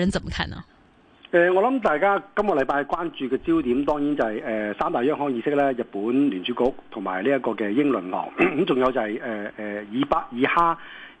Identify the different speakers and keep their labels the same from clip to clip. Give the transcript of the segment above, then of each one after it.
Speaker 1: 人怎麼看呢？誒、
Speaker 2: 呃，我諗大家今個禮拜關注嘅焦點，當然就係、是、誒、呃、三大央行議息咧，日本聯儲局同埋呢一個嘅英倫銀行，咁仲有就係誒誒以巴以哈。誒嘅、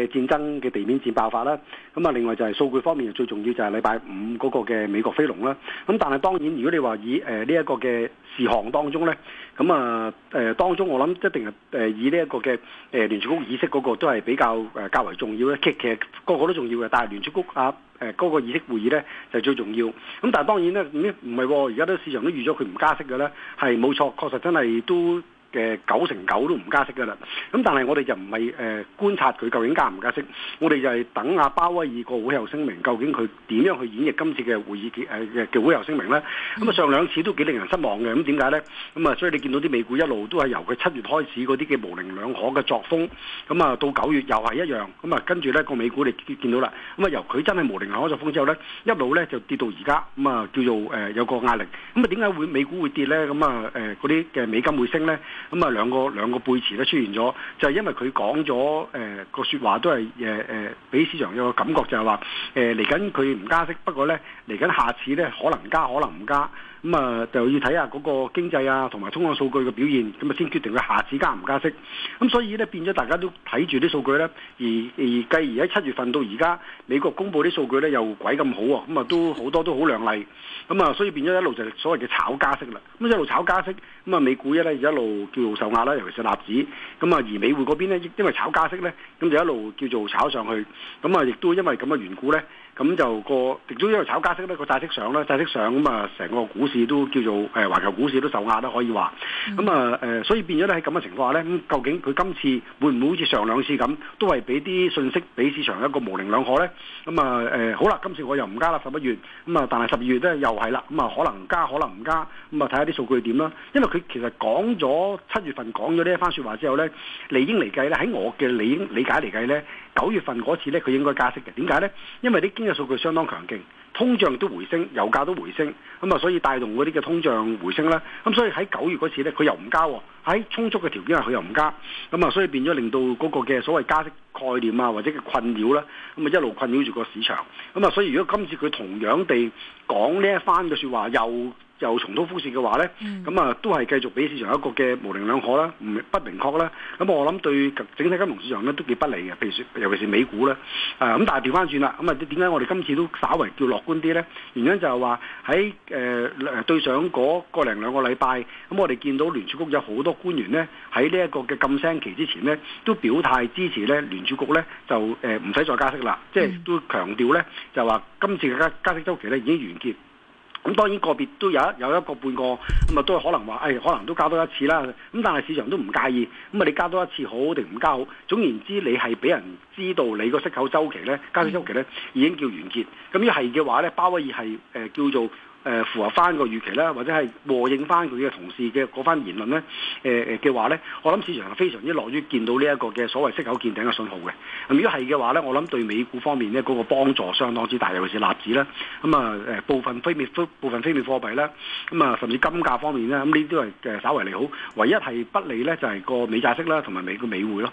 Speaker 2: 呃、戰爭嘅地面戰爆發啦，咁、嗯、啊另外就係數據方面，最重要就係禮拜五嗰個嘅美國飛龍啦。咁、嗯、但係當然，如果你話以呢一、呃這個嘅事項當中咧，咁啊誒當中我諗一定係、呃、以呢一個嘅誒、呃、聯儲局議息嗰個都係比較誒、呃、較為重要嘅。其實個個都重要嘅，但係聯儲局啊嗰、呃、個議息會議咧就係、最重要。咁、嗯、但係當然咧唔唔係喎，而家都市場都預咗佢唔加息嘅咧，係冇錯，確實真係都。嘅九成九都唔加息噶啦，咁、嗯、但係我哋就唔係誒觀察佢究竟加唔加息，我哋就係等阿鮑威爾個會後聲明，究竟佢點樣去演繹今次嘅會議誒嘅、呃、會後聲明咧？咁、嗯、啊上兩次都幾令人失望嘅，咁點解咧？咁啊、嗯、所以你見到啲美股一路都係由佢七月開始嗰啲嘅模稜兩可嘅作風，咁、嗯、啊到九月又係一樣，咁、嗯、啊跟住咧個美股你見到啦，咁、嗯、啊由佢真係模稜兩可作風之後咧，一路咧就跌到而家，咁、嗯、啊叫做、呃、有個壓力，咁啊點解會美股會跌咧？咁啊誒嗰啲嘅美金會升咧？咁啊，兩個兩個背馳咧出現咗，就係因為佢講咗誒個說話都係誒誒俾市場有個感覺就，就係話誒嚟緊佢唔加息，不過咧嚟緊下次咧可能加可能唔加。咁啊，就要睇下嗰個經濟啊，同埋通脹數據嘅表現，咁啊先決定佢下次加唔加息。咁所以咧，變咗大家都睇住啲數據咧，而而繼而喺七月份到而家，美國公布啲數據咧又鬼咁好喎，啊，咁啊都好多都好亮麗。咁啊，所以變咗一路就所謂嘅炒加息啦。咁一路炒加息，咁啊美股一咧一路叫做受壓啦，尤其是納指。咁啊而美匯嗰邊咧，因為炒加息咧，咁就一路叫做炒上去。咁啊，亦都因為咁嘅緣故咧。咁就個，最終因炒加息呢個債息上呢債息上咁啊，成、嗯、個股市都叫做誒，環、欸、球股市都受壓啦，可以話。咁啊誒，所以變咗咧喺咁嘅情況下咧，咁究竟佢今次會唔會好似上兩次咁，都係俾啲信息俾市場一個模稜兩可咧？咁、嗯、啊、嗯嗯、好啦，今次我又唔加啦十一月，咁、嗯、啊，但係十二月呢，又係啦，咁、嗯、啊可能加可能唔加，咁啊睇下啲數據點啦。因為佢其實講咗七月份講咗呢一番說話之後咧，理應嚟計咧，喺我嘅理理解嚟計咧。九月份嗰次呢，佢應該加息嘅。點解呢？因為啲經濟數據相當強勁，通脹都回升，油價都回升，咁啊，所以帶動嗰啲嘅通脹回升啦。咁所以喺九月嗰次呢，佢又唔加喎。喺充足嘅條件下，佢又唔加，咁啊，所以變咗令到嗰個嘅所謂加息概念啊，或者嘅困擾啦，咁啊一路困擾住個市場。咁啊，所以如果今次佢同樣地講呢一番嘅說話，又。又重蹈覆轍嘅話咧，咁啊、嗯、都係繼續俾市場一個嘅模棱兩可啦，唔不明確啦。咁我諗對整體金融市場咧都幾不利嘅。譬如說，尤其是美股咧，啊咁但係調翻轉啦。咁啊點解我哋今次都稍為叫樂觀啲咧？原因就係話喺誒誒對上嗰個零兩個禮拜，咁我哋見到聯儲局有好多官員咧喺呢一個嘅禁聲期之前咧，都表態支持咧聯儲局咧就誒唔使再加息啦，即係都強調咧就話今次嘅加加息周期咧已經完結。咁當然個別都有一有一個半個咁啊、嗯，都可能話、哎、可能都加多一次啦。咁但係市場都唔介意，咁啊你加多一次好定唔加好？總言之你係俾人知道你個息口周期咧加息周期咧已經叫完結。咁一係嘅話咧，鮑威爾係、呃、叫做誒符合翻個預期啦，或者係和應翻佢嘅同事嘅嗰番言論咧，誒誒嘅話咧，我諗市場係非常之樂於見到呢一個嘅所謂息口見頂嘅信號嘅。咁如果係嘅話咧，我諗對美股方面咧嗰個幫助相當之大，尤其是納指啦，咁啊部分非美部分非美貨幣啦，咁啊甚至金價方面咧，咁呢啲都係稍為利好。唯一係不利咧就係個美債息啦，同埋美股美匯咯。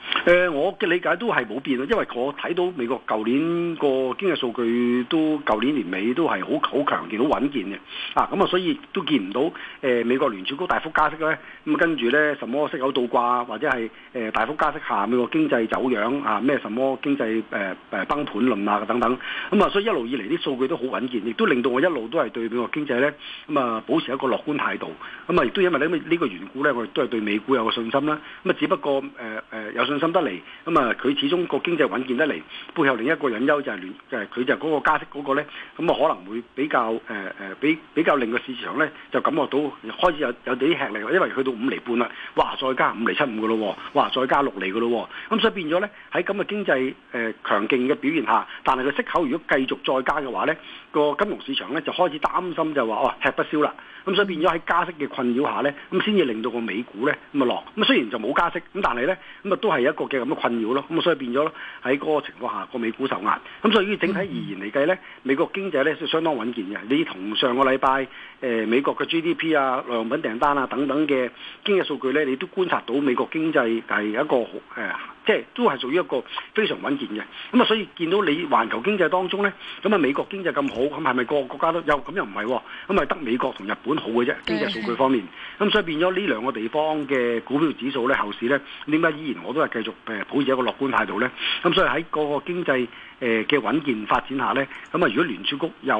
Speaker 2: 誒、呃，我嘅理解都係冇變咯，因為我睇到美國舊年個經濟數據都舊年年尾都係好好強健、好穩健嘅。啊，咁啊，所以都見唔到誒、呃、美國聯儲局大幅加息咧。咁、嗯、跟住咧，什麼息口倒掛或者係誒、呃、大幅加息下美國經濟走樣啊？咩什,什麼經濟誒誒、呃呃、崩盤論啊等等。咁啊，所以一路以嚟啲數據都好穩健，亦都令到我一路都係對美國經濟咧咁啊保持一個樂觀態度。咁、嗯、啊，亦都因為呢個呢個緣故咧，我哋都係對美股有個信心啦。咁啊，只不過誒誒、呃呃、有信心。得嚟咁啊！佢、嗯、始終個經濟穩健得嚟，背後另一個隱憂就係、是、聯，就係佢就嗰個加息嗰個咧，咁、嗯、啊可能會比較誒誒、呃、比比較令個市場咧就感覺到開始有有啲吃力，因為去到五厘半啦，哇！再加五厘七五嘅咯喎，哇！再加六厘嘅咯喎，咁、嗯、所以變咗咧喺咁嘅經濟誒強勁嘅表現下，但係個息口如果繼續再加嘅話咧，個金融市場咧就開始擔心就話哦吃不消啦，咁、嗯、所以變咗喺加息嘅困擾下咧，咁先至令到個美股咧咁啊落，咁、嗯嗯、雖然就冇加息，咁、嗯、但係咧咁啊都係一個。嘅咁嘅困擾咯，咁所以變咗咯，喺嗰個情況下，個美股受壓。咁所以，以整體而言嚟計咧，美國經濟咧就相當穩健嘅。你同上個禮拜誒，美國嘅 GDP 啊、耐用品訂單啊等等嘅經濟數據咧，你都觀察到美國經濟係一個。誒、哎。即係都係屬於一個非常穩健嘅，咁啊所以見到你環球經濟當中呢，咁啊美國經濟咁好，咁係咪個個國家都有？咁又唔係、哦，咁啊得美國同日本好嘅啫，經濟數據方面。咁所以變咗呢兩個地方嘅股票指數呢。後市呢，點解依然我都係繼續誒保持一個樂觀態度呢？咁所以喺個個經濟。誒嘅穩健發展下呢，咁啊如果聯儲局又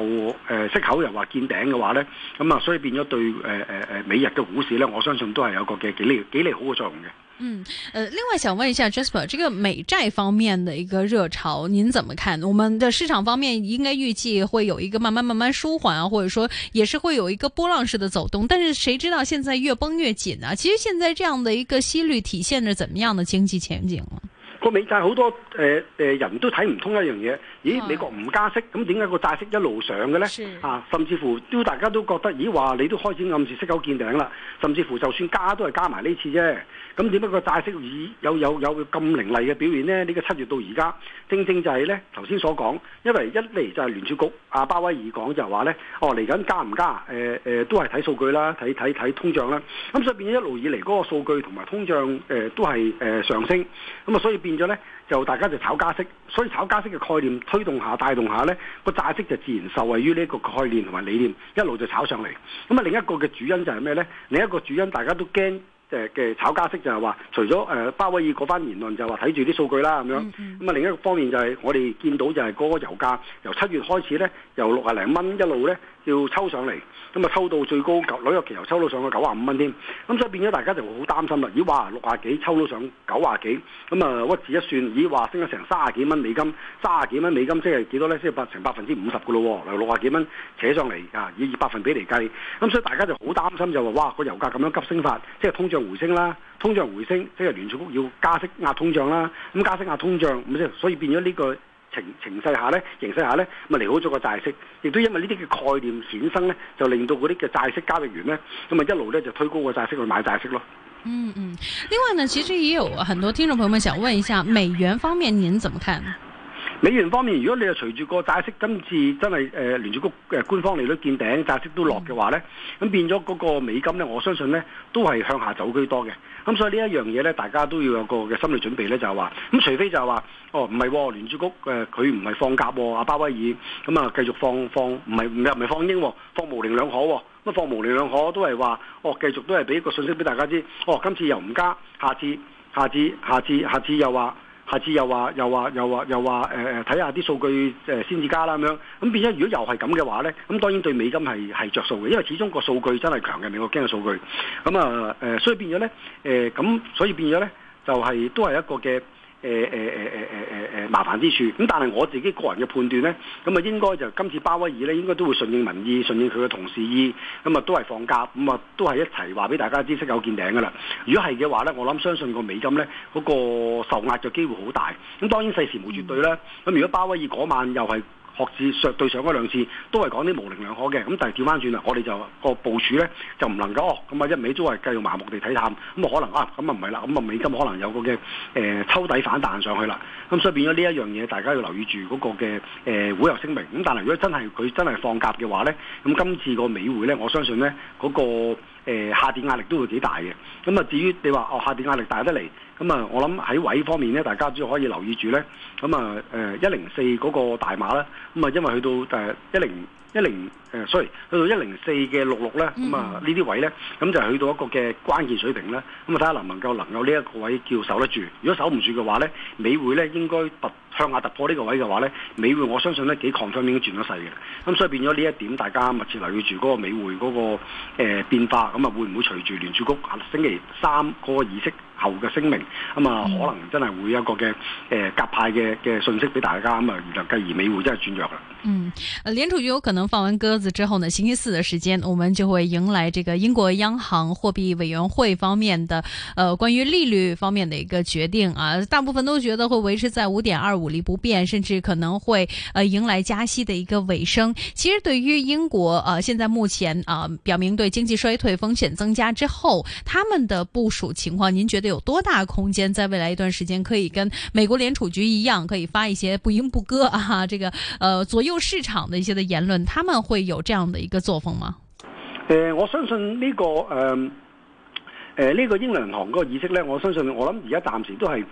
Speaker 2: 誒息口又話見頂嘅話呢，咁啊所以變咗對誒誒誒美日嘅股市呢，我相信都係有個嘅幾利幾利好嘅作用嘅。嗯，
Speaker 1: 誒、呃，另外想問一下 Jasper，這個美債方面嘅一個熱潮，您怎麼看？我們的市場方面應該預計會有一個慢慢慢慢舒緩啊，或者說也是會有一個波浪式的走動。但是誰知道現在越崩越緊啊？其實現在這樣的一個息率，體現着怎麼樣的經濟前景啊？
Speaker 2: 個美債好多、呃呃、人都睇唔通一樣嘢，咦？美國唔加息，咁點解個債息一路上嘅呢？啊，甚至乎大家都覺得，咦？話你都開始暗示息口見頂啦，甚至乎就算加都係加埋呢次啫。咁點解個債息以有有有咁凌厲嘅表現呢？呢、呢個七月到而家，正正就係呢頭先所講，因為一嚟就係聯儲局阿鮑威爾講就話呢，哦嚟緊加唔加，呃、都係睇數據啦，睇睇睇通脹啦，咁、呃呃、所以變咗一路以嚟嗰個數據同埋通脹都係上升，咁啊所以變咗呢，就大家就炒加息，所以炒加息嘅概念推動下、帶動下呢個債息就自然受惠於呢個概念同埋理念，一路就炒上嚟。咁啊另一個嘅主因就係咩呢？另一個主因大家都驚。嘅嘅炒加息就係話，除咗誒鮑威爾嗰番言論，就話睇住啲數據啦咁樣咁啊、mm hmm. 另一個方面就係、是、我哋見到就係嗰個油價由七月開始咧，由六十零蚊一路咧。要抽上嚟，咁啊抽到最高九，紐約期油抽到上去九啊五蚊添，咁所以變咗大家就好擔心啦。咦哇，六啊幾抽到上九啊幾，咁啊屈指一算，咦話升咗成三啊幾蚊美金，三啊幾蚊美金即係幾多咧？即係百成百分之五十噶咯喎。嗱六啊幾蚊扯上嚟啊，以百分比嚟計，咁所以大家就好擔心就話哇個油價咁樣急升法，即係通脹回升啦，通脹回升即係聯儲局要加息壓通脹啦，咁加息壓通脹，咁就所以變咗呢個。情情勢下咧，形勢下咧，咁啊嚟好咗個債息，亦都因為呢啲嘅概念衍生咧，就令到嗰啲嘅債息交易員咧，咁啊一路咧就推高個債息去買債息咯。嗯
Speaker 1: 嗯，另外呢，其實也有很多聽眾朋友們想問一下美元方面，您怎麼看？
Speaker 2: 美元方面，如果你啊隨住個債息今次真係誒聯儲局嘅、呃、官方利率見頂，債息都落嘅話咧，咁變咗嗰個美金咧，我相信咧都係向下走居多嘅。咁所以呢一樣嘢咧，大家都要有個嘅心理準備咧，就係話，咁除非就係話，哦唔係喎，聯、哦、儲局佢唔係放鴿喎、哦，阿鮑威爾咁啊、嗯、繼續放放，唔係唔又唔係放鷹、哦，放模稜兩可喎、哦，放模稜兩可都係話，哦繼續都係俾一個信息俾大家知，哦今次又唔加，下次下次下次下次又話。下次又話又話又話又話，誒誒，睇下啲數據誒先至加啦咁樣，咁變咗如果又係咁嘅話咧，咁當然對美金係係著數嘅，因為始終個數據真係強嘅，美國驚嘅數據，咁啊誒，所以變咗咧誒，咁、呃、所以變咗咧、呃、就係、是、都係一個嘅。誒誒、哎哎哎哎哎、麻煩之處，但係我自己個人嘅判斷呢，咁啊應該就今次鮑威爾呢，應該都會順應民意，順應佢嘅同事意，咁啊都係放假，咁啊都係一齊話俾大家知，識有見頂㗎啦。如果係嘅話呢，我諗相信個美金呢，嗰、嗰個受壓嘅機會好大。咁當然世事無絕對啦。咁如果鮑威爾嗰晚又係，上次上對上嗰兩次都係講啲模稜兩可嘅，咁但係掉返轉啦，我哋就、嗰個部署咧就唔能夠哦，咁啊一味都係繼續盲目地睇淡，咁啊可能啊，咁啊唔係啦，咁啊美金可能有個嘅誒抽底反彈上去啦，咁所以變咗呢一樣嘢，大家要留意住嗰個嘅誒、呃、會後聲明。咁但係如果真係佢真係放鴿嘅話咧，咁今次個美匯咧，我相信咧嗰、嗰個。誒、呃、下跌壓力都會幾大嘅，咁啊至於你話哦下跌壓力大得嚟，咁啊我諗喺位方面咧，大家都要可以留意住咧，咁啊誒一零四嗰個大碼啦，咁啊因為去到誒一零一零。呃 10, 10誒，所以去到一零四嘅六六咧，咁、嗯、啊、嗯、呢啲位咧，咁、嗯、就去到一個嘅關鍵水平咧。咁、嗯、啊，睇下能能夠能夠呢一個位叫守得住。如果守唔住嘅話咧，美匯咧應該突向下突破呢個位嘅話咧，美匯我相信咧幾 c o 已經轉咗勢嘅。咁、嗯、所以變咗呢一點，大家密切留意住嗰個美匯嗰、那個誒、呃、變化。咁、嗯、啊，會唔會隨住聯儲局星期三嗰個議息後嘅聲明，咁、嗯、啊、嗯、可能真係會有一個嘅誒夾派嘅嘅信息俾大家。咁、嗯、啊，就繼而美匯真係轉弱啦。嗯，
Speaker 1: 聯儲局有可能放完歌。之後呢？星期四的時間，我們就會迎來這個英國央行貨幣委員會方面的呃關於利率方面的一個決定啊。大部分都覺得會維持在五點二五厘不變，甚至可能會呃迎來加息的一個尾聲。其實對於英國呃現在目前啊、呃，表明對經濟衰退風險增加之後，他們的部署情況，您覺得有多大空間？在未來一段時間可以跟美國聯儲局一樣，可以發一些不陰不割啊這個呃左右市場的一些的言論，他們會有，有這樣的一個作風嗎？誒、
Speaker 2: 呃，我相信呢、這個誒誒呢個英倫行嗰個意識咧，我相信我諗而家暫時都係誒、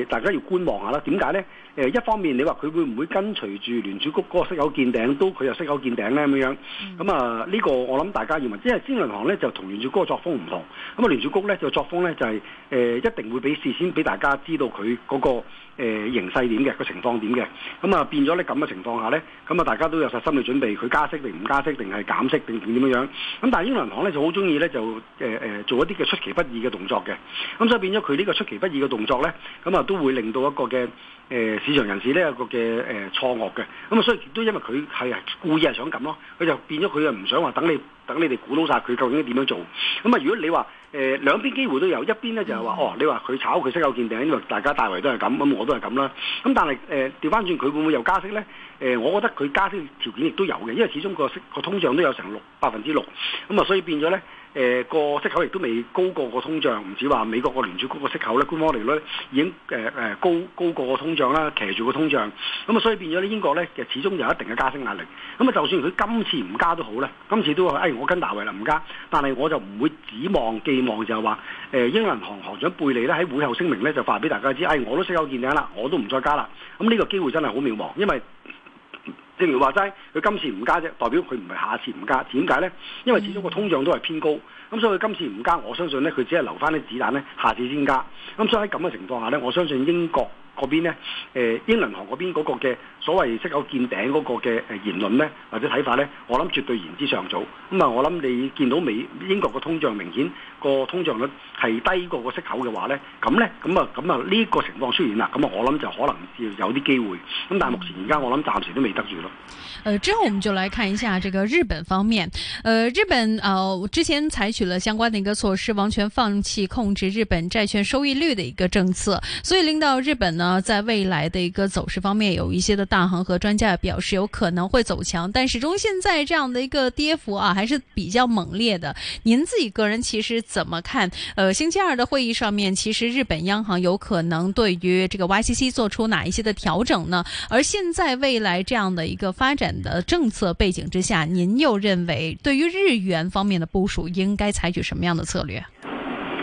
Speaker 2: 呃、大家要觀望下啦。點解咧？誒、呃、一方面你話佢會唔會跟隨住聯儲局嗰個息口見頂，都佢又息口見頂咧咁樣。咁啊、嗯、呢、嗯這個我諗大家要問，因為英倫行咧就同聯儲局個作風唔同。咁、嗯、啊，聯儲局咧就作風咧就係、是、誒、呃、一定會俾事先俾大家知道佢嗰、那個。誒形勢點嘅個情況點嘅，咁啊變咗咧咁嘅情況下咧，咁啊大家都有晒心理準備，佢加息定唔加息定係減息定定點樣樣，咁但係英倫銀行咧就好中意咧就誒誒做一啲嘅出其不意嘅動作嘅，咁所以變咗佢呢個出其不意嘅動作咧，咁啊都會令到一個嘅誒市場人士呢，一個嘅誒錯愕嘅，咁啊所以都因為佢係故意係想咁咯，佢就變咗佢啊唔想話等你等你哋估到晒佢究竟點樣做，咁啊如果你話。誒、呃、兩邊機會都有，一邊咧就係話，嗯、哦，你話佢炒佢息口見頂，因為大家大圍都係咁，咁我都係咁啦。咁、嗯、但係誒調翻轉，佢、呃、會唔會有加息咧？誒、呃，我覺得佢加息條件亦都有嘅，因為始終個息個通脹都有成六百分之六，咁、嗯、啊，所以變咗咧。誒個息口亦都未高過個通脹，唔止話美國個聯儲局個息口咧，官方利率已經誒高高過個通脹啦，騎住個通脹，咁啊所以變咗咧英國咧，其實始終有一定嘅加息壓力。咁啊，就算佢今次唔加都好咧，今次都話誒、哎、我跟大衞啦唔加，但係我就唔會指望寄望就係話英銀行行長貝利咧喺會後聲明咧就發俾大家知，誒、哎、我都息口見頂啦，我都唔再加啦。咁呢個機會真係好渺茫，因為。正如話齋，佢今次唔加啫，代表佢唔係下次唔加。點解呢？因為始終個通脹都係偏高，咁所以佢今次唔加，我相信呢，佢只係留翻啲子彈呢，下次先加。咁所以喺咁嘅情況下呢，我相信英國嗰邊咧，英倫銀行嗰邊嗰個嘅所謂息口見頂嗰個嘅誒言論呢，或者睇法呢，我諗絕對言之尚早。咁啊，我諗你見到美英國嘅通脹明顯。個通脹率係低過個息口嘅話呢，咁呢，咁啊，咁啊呢個情況出現啦，咁啊我諗就可能要有啲機會，咁但係目前而家我諗暫時都未得住咯。
Speaker 1: 誒、呃，之後我們就來看一下這個日本方面。誒、呃，日本啊、呃，之前採取了相關嘅一個措施，完全放棄控制日本債券收益率嘅一個政策，所以令到日本呢，在未來嘅一個走勢方面，有一些嘅大行和專家表示有可能會走強，但始終現在這樣嘅一個跌幅啊，還是比較猛烈嘅。您自己個人其實。怎麼看？呃，星期二的會議上面，其實日本央行有可能對於這個 YCC 做出哪一些的調整呢？而現在未來這樣的一個發展的政策背景之下，您又認為對於日元方面的部署應該採取什麼樣的策略？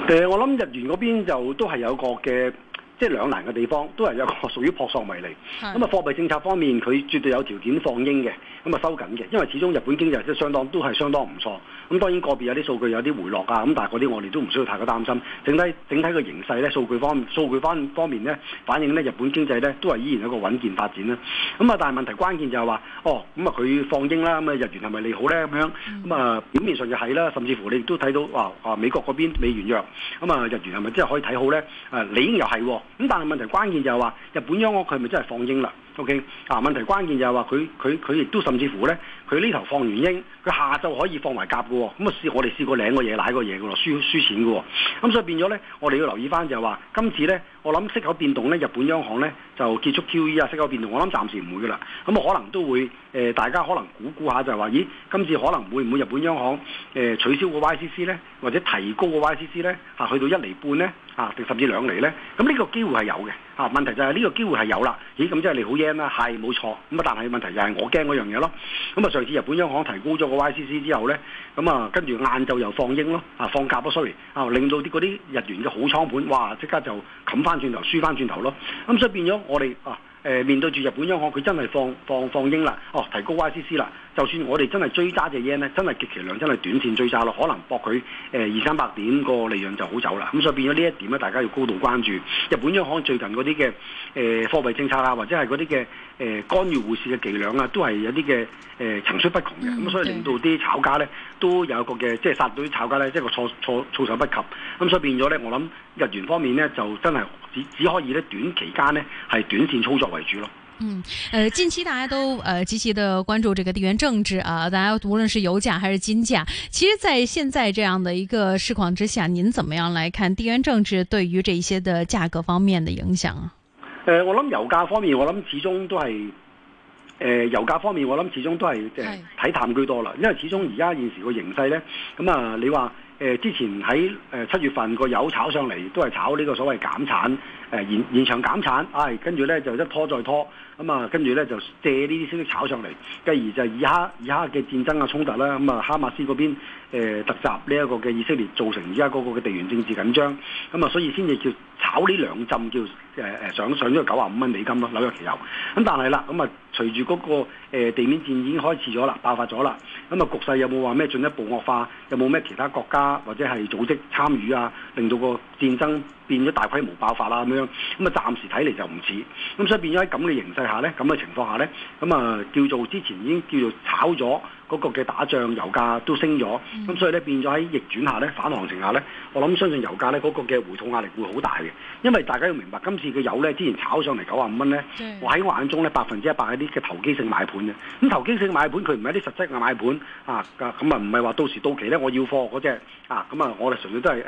Speaker 2: 對，我諗日元嗰邊就都係有個嘅，即、就是、兩難嘅地方，都係有個屬於撲朔迷離。咁啊，貨幣政策方面，佢絕對有條件放鷹嘅。咁啊收緊嘅，因為始終日本經濟即係相當都係相當唔錯。咁當然個別有啲數據有啲回落啊，咁但係嗰啲我哋都唔需要太過擔心。整體整體嘅形勢咧，數據方數據方方面咧，反映咧日本經濟咧都係依然一個穩健發展啦。咁啊，但係問題關鍵就係話，哦，咁啊佢放鷹啦，咁啊日元係咪利好咧？咁樣咁啊表面上就係、是、啦，甚至乎你亦都睇到哇啊美國嗰邊美元弱，咁啊日元係咪真係可以睇好咧？誒理應又係喎，咁但係問題關鍵就係話日本央行佢係咪真係放鷹啦？O.K. 啊，問題關鍵就係話佢佢佢亦都甚至乎咧。佢呢頭放完鷹，佢下晝可以放埋鴿嘅喎、哦，咁啊試我哋試過舐過嘢舐過嘢嘅咯，輸輸錢喎、哦，咁、嗯、所以變咗咧，我哋要留意翻就係話，今次咧，我諗息口變動咧，日本央行咧就結束 QE 啊，息口變動，我諗暫時唔會嘅啦，咁、嗯、啊可能都會誒、呃，大家可能估估下就係話，咦，今次可能會唔會日本央行誒、呃、取消個 YCC 咧，或者提高個 YCC 咧，嚇、啊、去到一厘半咧，嚇、啊、定、啊、甚至兩厘咧，咁、啊、呢、這個機會係有嘅，嚇、啊、問題就係呢個機會係有啦，咦，咁即係你好驚啦，係冇錯，咁啊但係問題就係我驚嗰樣嘢咯，咁啊。啊上次日本央行提高咗個 YCC 之後呢，咁啊跟住晏晝又放鷹咯啊，放假咯，sorry 啊，令到啲嗰啲日元嘅好倉盤，哇即刻就冚翻轉頭，輸翻轉頭咯，咁、啊、所以變咗我哋啊誒、呃、面對住日本央行，佢真係放放放鷹啦，哦、啊、提高 YCC 啦。就算我哋真係追揸隻 yen 咧，真係極其量，真係短線追揸咯，可能博佢誒二三百點個利潤就好走啦。咁所以變咗呢一點咧，大家要高度關注日本央行最近嗰啲嘅誒貨幣政策啊，或者係嗰啲嘅誒干預匯市嘅伎倆啊，都係有啲嘅誒層出不窮嘅。咁所以令到啲炒家咧都有個嘅即係殺到啲炒家咧，即係個措措措手不及。咁所以變咗咧，我諗日元方面咧就真係只只可以咧短期間咧係短線操作為主咯。
Speaker 1: 嗯，呃，近期大家都呃極其的關注這個地緣政治啊，大家無論是油價還是金價，其實，在現在這樣的一個市況之下，您怎麼樣來看地緣政治對於這一些的價格方面的影響
Speaker 2: 啊？誒、呃，我諗油價方面，我諗始終都係，誒、呃，油價方面，我諗始終都係即係睇淡居多啦，是因為始終而家現時個形勢呢咁、嗯、啊，你話。誒、呃、之前喺誒、呃、七月份個油炒上嚟，都係炒呢個所謂減產，誒延延長減產，啊、哎，跟住咧就一拖再拖，咁啊，跟住咧就借呢啲消息炒上嚟，繼而就以哈以哈嘅戰爭嘅衝突啦，咁啊，啊哈馬斯嗰邊誒突、呃、襲呢一個嘅以色列，造成而家個個嘅地緣政治緊張，咁啊所以先至叫。炒呢兩陣叫、呃、上上咗九十五蚊美金咯，紐約期油，咁但係啦，咁啊隨住嗰、那個、呃、地面戰已經開始咗啦，爆發咗啦，咁啊局勢有冇話咩進一步惡化？有冇咩其他國家或者係組織參與啊？令到個戰爭變咗大規模爆發啦、啊、咁樣，咁啊暫時睇嚟就唔似，咁所以變咗喺咁嘅形勢下咧，咁嘅情況下咧，咁啊叫做之前已經叫做炒咗。嗰個嘅打仗，油價都升咗，咁所以咧變咗喺逆轉下咧，反行情下咧，我諗相信油價咧嗰個嘅回吐壓力會好大嘅，因為大家要明白，今次嘅油咧之前炒上嚟九十五蚊咧，的我喺我眼中咧百分之一百嗰啲嘅投機性買盤嘅，咁投機性買盤佢唔係啲實質嘅買盤啊，咁啊唔係話到時到期咧我要貨嗰隻啊，咁啊我哋純粹都係誒誒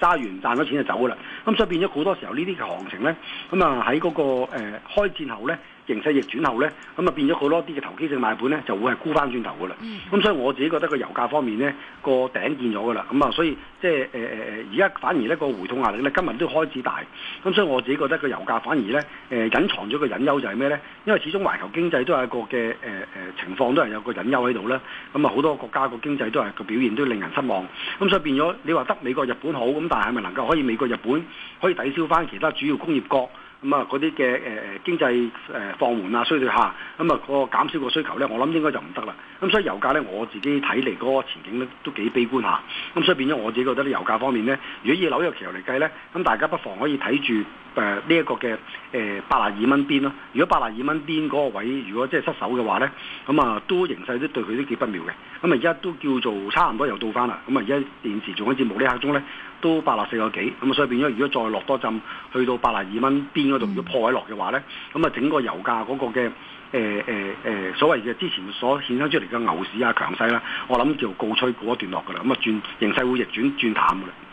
Speaker 2: 揸完賺咗錢就走噶啦，咁所以變咗好多時候呢啲嘅行情咧，咁啊喺嗰個誒、呃、開戰後咧。形勢逆轉後咧，咁啊變咗好多啲嘅投機性買盤咧，就會係沽翻轉頭噶啦。咁、嗯、所以我自己覺得個油價方面咧，個頂見咗噶啦。咁啊，所以即係誒而家反而咧個回吐壓力咧，今日都開始大。咁所以我自己覺得個油價反而咧，誒、呃、隱藏咗個隱憂就係咩咧？因為始終環球經濟都係一個嘅、呃、情況，都係有個隱憂喺度咧。咁啊，好多國家個經濟都係個表現都令人失望。咁所以變咗，你話得美國日本好，咁但係咪能夠可以美國日本可以抵消翻其他主要工業國？咁啊，嗰啲嘅誒經濟、呃、放緩啊，衰退下，咁、嗯、啊、嗰個減少個需求咧，我諗應該就唔得啦。咁、嗯、所以油價咧，我自己睇嚟嗰個前景咧都幾悲觀下。咁、嗯、所以變咗我自己覺得呢油價方面咧，如果以紐約期油嚟計咧，咁、嗯、大家不妨可以睇住誒呢一個嘅誒八十二蚊邊咯。如果八十二蚊邊嗰個位如果即係失守嘅話咧，咁、嗯、啊都形勢對都對佢都幾不妙嘅。咁啊，而家都叫做差唔多又到翻啦。咁啊，而家現時仲好似無呢刻鐘咧，都八十四個幾。咁啊，所以變咗，如果再落多陣，去到八十二蚊邊嗰度如果破位落嘅話咧，咁啊，整個油價嗰個嘅誒誒誒所謂嘅之前所衍生出嚟嘅牛市啊強勢啦，我諗就告吹嗰一段落㗎啦。咁啊，轉形勢會逆轉轉淡㗎啦。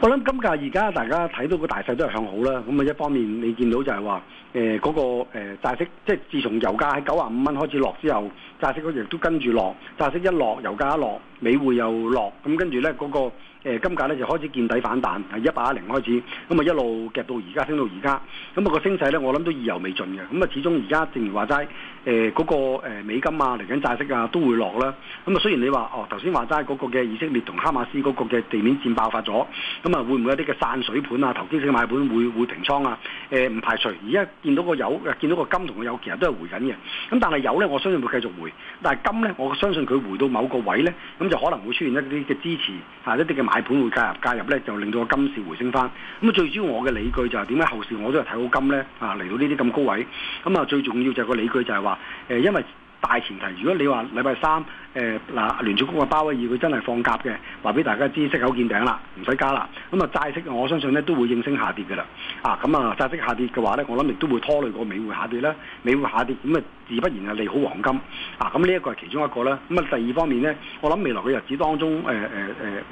Speaker 2: 我諗今屆而家大家睇到個大勢都係向好啦，咁啊一方面你見到就係話，呃、嗰個、呃、債息，即係自從油價喺九十五蚊開始落之後，債息佢亦都跟住落，債息一落，油價一落。美匯又落，咁跟住咧嗰個、呃、金價咧就開始見底反彈，係一八一零開始，咁啊一路夾到而家升到而家，咁、那、啊個升勢咧我諗都意猶未盡嘅，咁啊始終而家正如話齋，誒、呃、嗰、那個、呃、美金啊嚟緊債息啊都會落啦，咁啊雖然你話哦頭先話齋嗰個嘅以色列同哈馬斯嗰個嘅地面戰爆發咗，咁啊會唔會有啲嘅散水盤啊、投資性買盤會會,會停倉啊？誒、呃、唔排除，而家見到個油，見到個金同個油其實都係回緊嘅，咁但係油咧我相信會繼續回，但係金咧我相信佢回到某個位咧。就可能會出現一啲嘅支持，嚇、啊、一啲嘅買盤會介入，介入咧就令到個金市回升返。咁啊，最主要我嘅理據就係點解後市我都係睇、啊、好金咧啊嚟到呢啲咁高位。咁啊，啊，最重要的就係個理據就係話，誒，因為大前提，如果你話禮拜三。誒嗱、呃，聯儲局嘅鮑威爾佢真係放鴿嘅，話俾大家知息口見頂啦，唔使加啦。咁啊，債息我相信咧都會應聲下跌嘅啦。啊，咁啊，債息下跌嘅話咧，我諗亦都會拖累個美匯下跌啦。美匯下跌，咁啊，自不然啊利好黃金。啊，咁呢一個係其中一個啦。咁啊，第二方面咧，我諗未來嘅日子當中，誒誒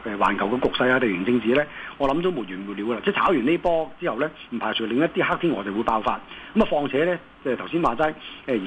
Speaker 2: 誒誒，環、呃、球嘅局勢啊，地緣政治咧，我諗都沒完沒了啦。即係炒完呢波之後咧，唔排除另一啲黑天鵝就會爆發。咁啊，況且咧，即係頭先話齋，誒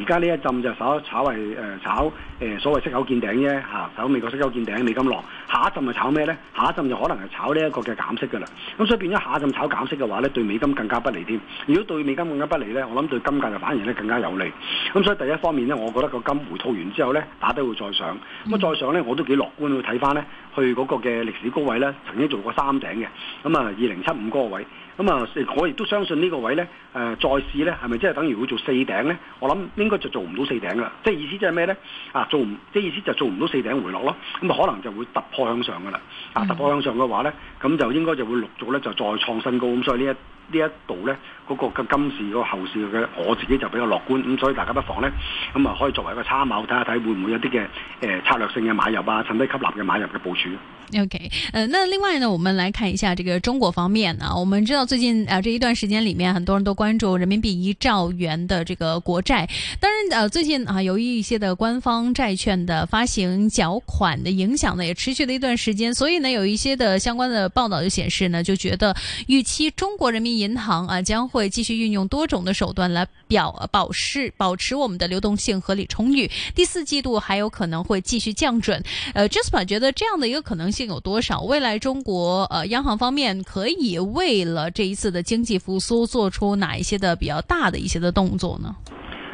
Speaker 2: 而家呢一陣就稍炒係誒炒誒、呃、所謂息口見頂。頂啫嚇，炒、嗯啊、美國息優見頂，美金落，下一陣咪炒咩呢？下一陣就可能係炒呢一個嘅減息噶啦。咁所以變咗下一陣炒減息嘅話呢，對美金更加不利添。如果對美金更加不利呢，我諗對金價就反而呢更加有利。咁所以第一方面呢，我覺得個金回吐完之後呢，打低會再上。咁再上呢，我都幾樂觀，會睇返呢去嗰個嘅歷史高位呢，曾經做過三頂嘅。咁啊，二零七五嗰個位。咁啊、嗯，我亦都相信呢個位呢、呃，再試呢，係咪即係等於會做四頂呢？我諗應該就做唔到四頂噶啦，即係意思即係咩呢？啊，做唔即係意思就做唔到四頂回落咯。咁、嗯、啊，可能就會突破向上噶啦。啊，突破向上嘅話呢，咁就應該就會陸續呢，就再創新高。咁所以呢一呢一度呢，嗰、那個今次時、那個後市嘅我自己就比較樂觀。咁所以大家不妨呢，咁啊可以作為一個參考，睇下睇會唔會有啲嘅、呃、策略性嘅買入啊，趁低吸納嘅買入嘅部署。
Speaker 1: OK，呃，那另外呢，我們來看一下這個中國方面啊。我們知道最近啊、呃、這一段時間裏面，很多人都關注人民幣一兆元的這個國債。當然，呃，最近啊由於一些的官方債券的發行繳款的影響呢，也持續了一段時間。所以呢，有一些的相關的報道就顯示呢，就覺得預期中國人民銀行啊將會繼續運用多種的手段來表保持保持我們的流動性合理充裕。第四季度還有可能會繼續降準。呃，Jasper 覺得這樣的一個可能性。竟有多少？未來中國，呃，央行方面可以為了這一次的經濟復甦，做出哪一些的比較大的一些的動作呢？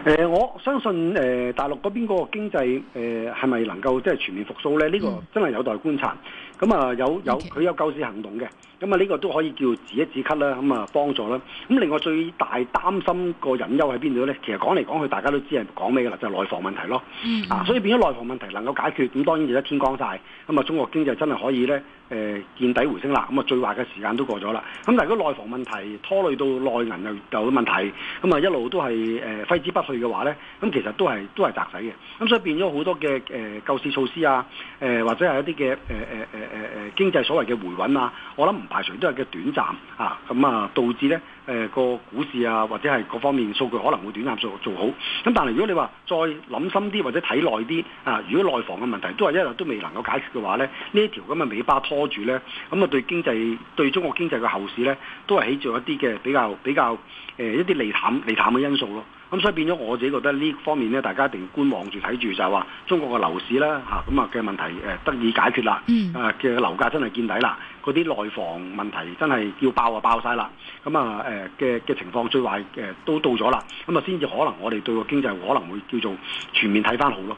Speaker 1: 誒、
Speaker 2: 呃，我相信誒、呃，大陸嗰邊嗰個經濟誒，係、呃、咪能夠即係全面復甦咧？呢、這個真係有待觀察。咁、嗯、啊、呃，有有佢 Okay. 有救市行動嘅。咁啊，呢、嗯這個都可以叫止一止咳啦，咁、嗯、啊幫助啦。咁、嗯、另外最大擔心個隱憂喺邊度咧？其實講嚟講去，大家都知係講咩噶啦，就係、內房問題咯。嗯、啊，所以變咗內房問題能夠解決，咁、嗯、當然就一天光晒。咁、嗯、啊，中國經濟真係可以咧，誒、呃、見底回升啦。咁、嗯、啊，最壞嘅時間都過咗啦。咁、嗯、但係如果內房問題拖累到內銀又有問題，咁、嗯、啊一路都係誒揮之不去嘅話咧，咁、嗯、其實都係都係砸仔嘅。咁、嗯、所以變咗好多嘅誒、呃、救市措施啊，誒、呃、或者係一啲嘅誒誒誒誒誒經濟所謂嘅回穩啊，我諗唔排除都係嘅短暫啊，咁啊導致咧誒個股市啊或者係各方面數據可能會短暫做做好。咁但係如果你話再諗深啲或者睇耐啲啊，如果內房嘅問題都係一日都未能夠解決嘅話咧，呢一條咁嘅尾巴拖住咧，咁啊對經濟對中國經濟嘅後市咧，都係起住一啲嘅比較比較誒一啲利淡利淡嘅因素咯。咁所以變咗我自己覺得呢方面咧，大家一定要觀望住睇住就係話中國嘅樓市啦嚇，咁啊嘅問題誒得以解決啦，啊嘅樓價真係見底啦。嗰啲內房問題真係要爆啊，爆曬啦！咁、呃、啊，誒嘅嘅情況最壞誒、呃、都到咗啦，咁啊先至可能我哋對個經濟可能會叫做全面睇翻好咯。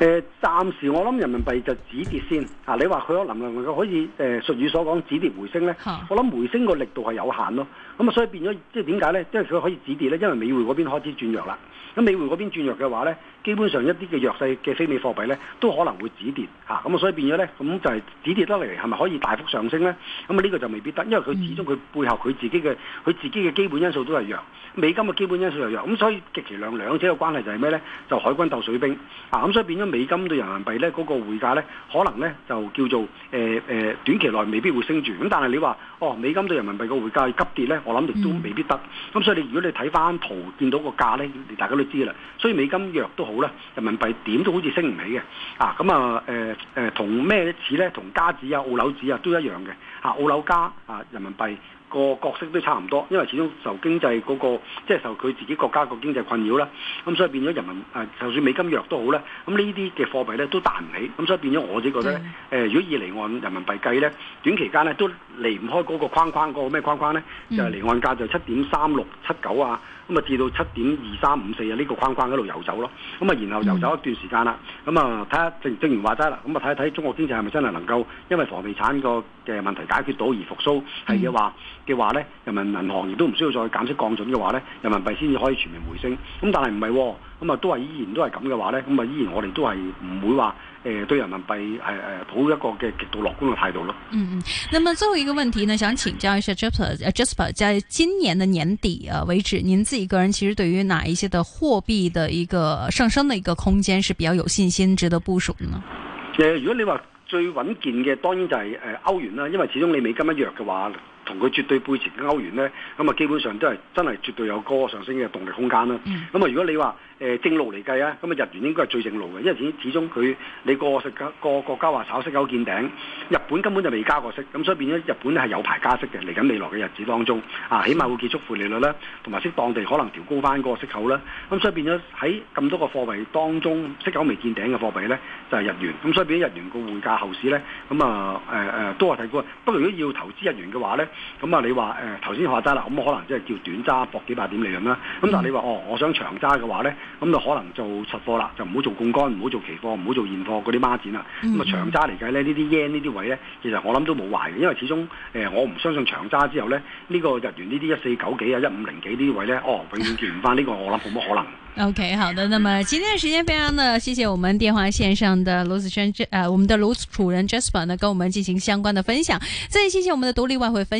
Speaker 2: 誒、呃，暫時我諗人民幣就止跌先，啊，你話佢可能能夠可以誒，術、呃、語所講止跌回升咧，Huh. 我諗回升個力度係有限咯。咁啊，所以變咗，即係點解咧？因為佢可以止跌咧，因為美匯嗰邊開始轉弱啦。咁美匯嗰邊轉弱嘅話咧，基本上一啲嘅弱勢嘅非美貨幣咧，都可能會止跌嚇。咁啊，所以變咗咧，咁就係止跌得嚟，係咪可以大幅上升咧？咁啊，呢個就未必得，因為佢始終佢背後佢自己嘅佢自己嘅基本因素都係弱，美金嘅基本因素又弱。咁所以極其量兩者嘅關係就係咩咧？就海軍鬥水兵啊！咁所以變咗美金對人民幣咧嗰個匯價咧，可能咧就叫做誒誒短期內未必會升住。咁但係你話哦，美金對人民幣嘅匯價急跌咧？我諗亦都未必得，咁所以你如果你睇翻圖見到個價咧，你大家都知啦。所以美金弱都好啦，人民幣點都好似升唔起嘅。啊，咁啊，誒、呃、誒，同咩似咧？同加紙啊、澳紐紙啊都一樣嘅。啊，澳紐加啊，人民幣。個角色都差唔多，因為始終受經濟嗰、嗰個，即係受佢自己國家個經濟困擾啦，咁所以變咗人民誒，就算美金弱都好啦。咁呢啲嘅貨幣咧都彈唔起，咁所以變咗我自己覺得，誒、嗯、如果以離岸人民幣計咧，短期間咧都離唔開嗰個框框，嗰個咩框框咧？嗯、就係離岸價就七點三六七九啊。咁啊，至、嗯嗯、到七點二三五四啊，呢個框框嗰度遊走咯。咁、嗯、啊，然後遊走一段時間啦。咁、嗯、啊，睇下正正如話齋啦。咁啊，睇一睇中國經濟係咪真係能夠因為房地產個嘅問題解決到而復甦？係嘅、嗯、話嘅話咧，人民銀行亦都唔需要再減息降準嘅話咧，人民幣先至可以全面回升。咁、嗯、但係唔係喎？咁啊，都係依然都係咁嘅話咧，咁啊，依然我哋都係唔會話誒、呃、對人民幣誒誒抱一個嘅極度樂觀嘅態度咯。
Speaker 1: 嗯嗯，咁啊，最後一個問題呢，想請教一下 Jasper，Jasper，在今年嘅年底啊為止，您自己個人其實對於哪一些嘅貨幣嘅一個上升嘅一個空間，是比較有信心值得部署
Speaker 2: 嘅呢？誒、呃，如果你話最穩健嘅，當然就係誒歐元啦、啊，因為始終你美金一弱嘅話。同佢絕對背馳嘅歐元呢，咁啊，基本上都係真係絕對有個上升嘅動力空間啦。咁啊、mm，hmm. 如果你話、呃、正路嚟計啊，咁啊日元應該係最正路嘅，因為始始終佢你個個個國家話炒息口見頂，日本根本就未加過息，咁所以變咗日本係有排加息嘅，嚟緊未來嘅日子當中啊，起碼會結束負利率啦，同埋適當地可能調高翻個息口啦。咁所以變咗喺咁多個貨幣當中，息口未見頂嘅貨幣呢，就係、是、日元。咁所以變咗日元個匯價後市呢，咁啊、呃呃、都係提過。不過如果要投資日元嘅話呢。咁啊、嗯嗯，你話誒頭先話齋啦，咁、呃嗯、可能即係叫短揸搏幾百點利咁啦。咁、嗯、但係你話哦，我想長揸嘅話咧，咁、嗯、就可能做實貨啦，就唔好做槓桿，唔好做期貨，唔好做現貨嗰啲孖展啦。咁、嗯、啊、嗯、長揸嚟計咧，呢啲 yen 呢啲位咧，其實我諗都冇壞嘅，因為始終誒、呃、我唔相信長揸之後咧，呢、這個日元呢啲一四九幾啊一五零幾呢啲位咧，哦永遠轉唔翻呢個，我諗冇乜可能。
Speaker 1: o、okay, K，好的，那麼今天嘅時間非常呢，謝謝我們電話線上的盧楚仁，誒、呃，我們的盧楚仁 Jasper 呢，跟我們進行相關嘅分享。再謝謝我們嘅獨立外匯分。